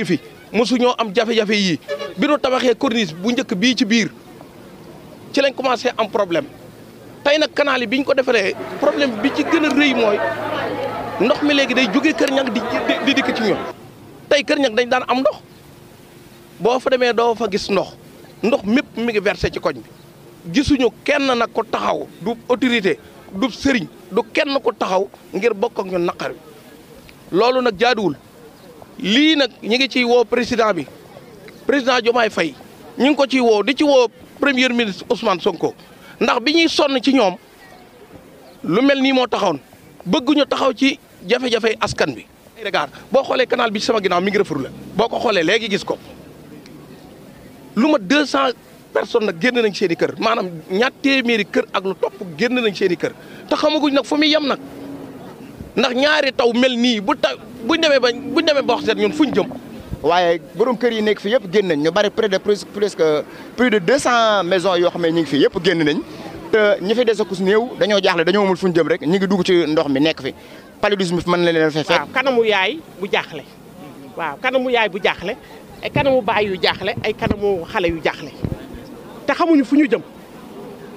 yegg fi mosuñoo am jafe-jafe yii bi nu tabaxee corniche bu njëkk bii ci biir ci lañ commencé am problème tey nag kanaali yi bi ñu ko defaree problème bi ci gën a rëy mooy ndox mi léegi day jóge Kër Ñang di di dikk ci ñun tey Kër Ñang dañ daan am ndox boo fa demee doo fa gis ndox ndox mépp mi ngi versé ci koñ bi gisuñu kenn nag ko taxaw du autorité du sëriñ du kenn ko taxaw ngir bokk ak naqar bi loolu nag jaaduwul lii nag ñu ngi ciy woo président bi président Diomaye fay ñu ngi ko ciy woo di ci woo premier ministre Ousmane Sonko ndax bi ñuy sonn ci ñoom lu mel nii moo taxawoon bëgguñu taxaw ci jafe-jafe askan bi. regarde boo xoolee kanaal bi sama ginnaaw mi ngi rëfur la boo ko xoolee léegi gis ko lu ma deux cent personnes nag génn nañ seeni kër maanaam ñaar téeméeri kër ak lu topp génn nañ seen i kër te xamaguñ nag fu muy yem nag. ndax ñaari taw mel nii bu taw bu demee ba bu demee ba wax seet ñun fuñ jëm. waaye borom kër yi nekk fi yëpp génn nañ ñu bari près de presque plus de 200 maisons yoo xam ne ñu ngi fi yëpp génn nañ ñi fi des a néew dañoo jaaxle dañoo amul fuñ jëm rek ñu ngi dugg ci ndox mi nekk fi paludisme bi mën na leen fee fekk. kanamu yaay bu jaaxle waaw kanamu yaay bu jaaxle kanamu baay yu jaaxle ay kanamu xale yu jaaxle te xamuñu fu ñu jëm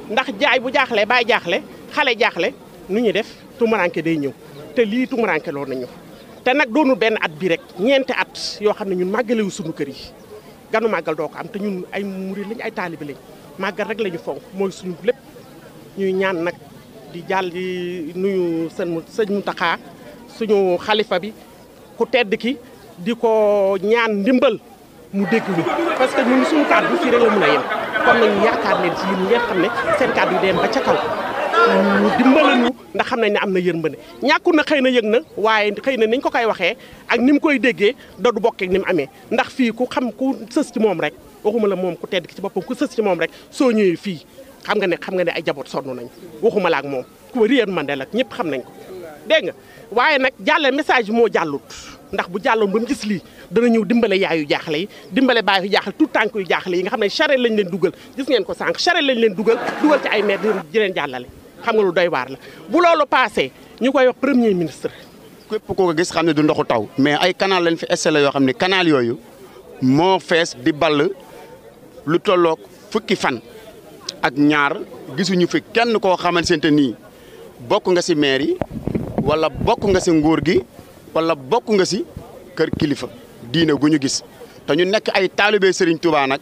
ndax jaay bu jaaxle baay jaaxle xale jaaxle nu ñuy def tumuraanke day ñëw. te lii tumuranke nañu te nag doonul benn at bi rek ñeenti at yoo xam ne ñun màggalewu suñu kër yi ganu màggal doo ko am te ay murid ay taalibe lañ màggal rek la ñu fonk mooy suñu lépp ñuy ñaan nag di jàll di nuyu seen sëñ taxaa suñu xalifa bi ku tedd ki di ko ñaan ndimbal mu dégg ñu parce que ñun suñu kàddu fii rek la mën a yem kon nañu yaakaar leen ci yéen ngeen xam ne seen kàddu yi dem ba kaw dimbale ñu ndax xam nañ ne am na yërmande ñàkkul na xëy na yëg na waaye xëy na niñ ko koy waxee ak ni mu koy déggee da du bokkee ni mu amee ndax fii ku xam ku sës ci moom rek waxuma la moom ku tedd ki ci boppam ku sës ci moom rek soo ñëwee fii xam nga ne xam nga ne ay jaboot sonn nañ waxuma la ak moom ku réer mandel ak ñëpp xam nañ ko dégg nga waaye nag jàlle message bi moo jàllut ndax bu jàlloon ba mu gis lii dana ñëw dimbale yaayu jaaxle yi dimbale baayu jaaxle tout tànk yu jaaxle yi nga xam ne charrette lañ leen dugal gis ngeen ko sànq charrette lañ leen dugal dugal ci ay maire di leen jàllale xam nga doy waar la bu loolu passé ñu koy wax premier ministre. képp koo ko gis xam ne du ndoxu taw. mais ay kanaal lañ fi installé yoo xam ne kanaal yooyu moo fees di ball lu tollook fukki fan ak ñaar gisuñu fi kenn koo xamante ni bokk nga si maire yi wala bokk nga si nguur gi wala bokk nga si kër kilifa diine gu ñu gis te ñu nekk ay taalibe Serigne Touba nag.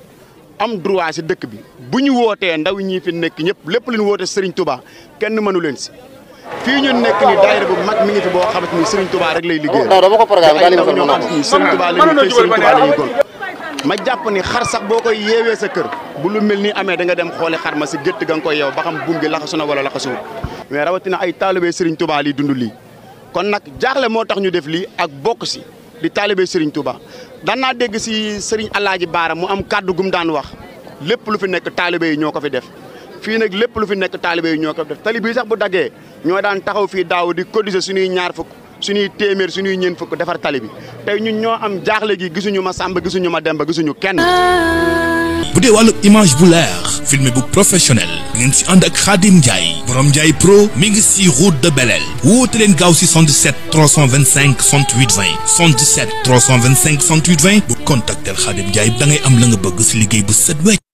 am droit si dëkk bi bu ñu wootee ndaw ñi fi nekk ñëpp lépp lu ñu woote Serigne tubaa kenn mënu leen si fii ñu nekk ni daayira bu mag mi ngi fi boo xamante ni Serigne Touba rek lay liggéey. non dama ko programme daal di ñoo xam ni xar sax boo koy yeewee sa kër bu lu mel ni amee da dem xooli xar ma si gétt ga nga koy ba xam gi laxasu na wala laxasuwul mais rawatina ay taalibe Serigne Touba liy dund lii kon nag jaaxle moo tax ñu def lii ak bokk si di taalibe Serigne Touba daan naa dégg si sëriñ Alaaji Baara mu am kàddu gum daan wax lépp lu fi nekk taalibe yi ñoo ko fi def fii nag lépp lu fi nekk taalibe yi ñoo ko fi def tali bii sax bu daggee ñoo daan taxaw fii daaw di cotiser suñuy ñaar fukk suñuy téeméer suñuy ñeen fukk defar tali bi tey ñun ñoo am jaaxle gi gisuñu ma sàmba gisuñu ma Demba gisuñu kenn bu dee wàllu image bu leer filmé bu professionnel ngeen si ànd ak Khadim Ndiaye borom Ndiaye pro mi ngi si route de Belel woote leen gaaw si 77 325 68 20 77 325 68 20 bu contactel Khadim Ndiaye da am la nga bëgg si liggéey bu set wecc